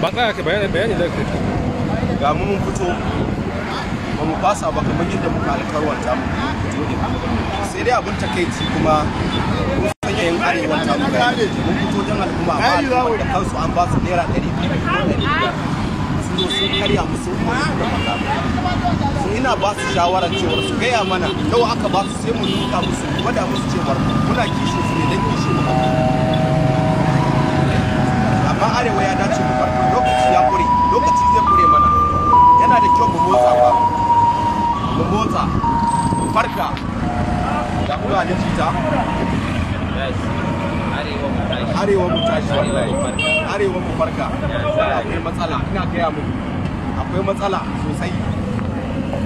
ba tsaya ka bayanin bayani da ka ga mu mun fito ba mu fasa ba kamar yadda muka alkarwar ta sai dai abin takaici kuma mun sanya yin arewa ta mu mun fito don al'umma ba da kansu an ba su naira ɗari biyu zo sun karya musu su ina ba su shawarar cewar su gaya mana yau aka ba su sai mu duka musu da musu cewar muna kishin su ne don kishin mu amma arewa ya dace mu farko lokaci ya kure lokaci zai kure mana yana da kyau mu motsa ba mu motsa farka da kuma da fita arewa mu tashi wallahi arewa mu farka akwai matsala ina gaya akwai matsala sosai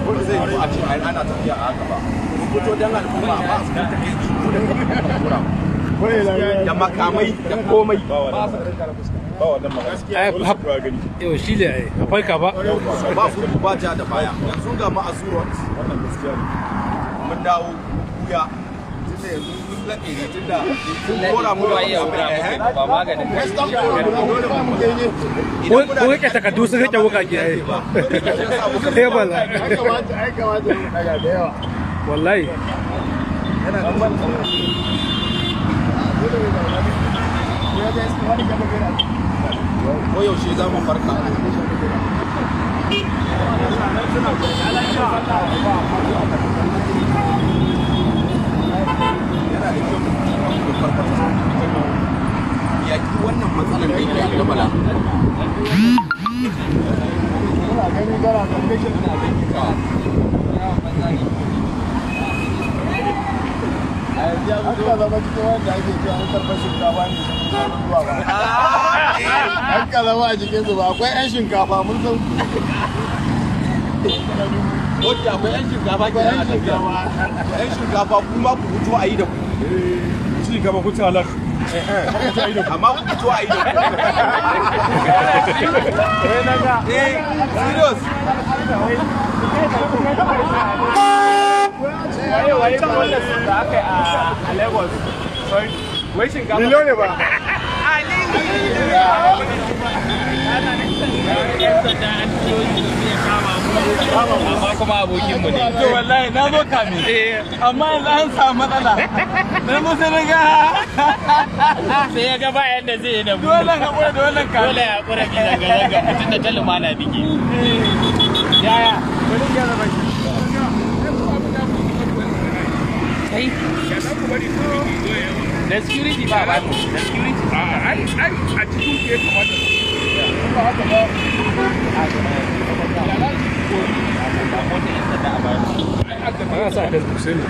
kuma zai yi a ce ana tafiya a haka ba mu fito dan al'umma ba su ta kai ku da kuma da makamai da komai ba su da ba wannan magana yau shi ne akwai ka ba ba ku ba ja da baya yanzu ga mu wannan gaskiya mun dawo kuya tunda yanzu mun laɗe ne tunda mun kora mu takardu Hankala zama cikin ake cewa an karɓar shinkafa ne sun zuwa ruwa ba. shinkafa mun san su. Wacce shinkafa ke nan a tafiya. 'yan a yi da ku. Shinkafa a ido serious a Lagos wai amma kuma abokinmu ne to wallahi na zo kami eh. amma yanzu an samu matsala na musu riga sai ya ga ba yadda zai yi da mu dole hakura da wannan kami dole hakura bi daga daga mutum da taluma na biki yaya eh. bari ga da baki kai da security ba ba da security a ah, ai ai a cikin ke kamata ba haka ba ah, a ana sa facebook sai ne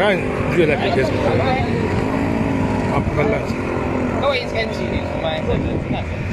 ran juya na fi facebook a kallon kawai iskanci kuma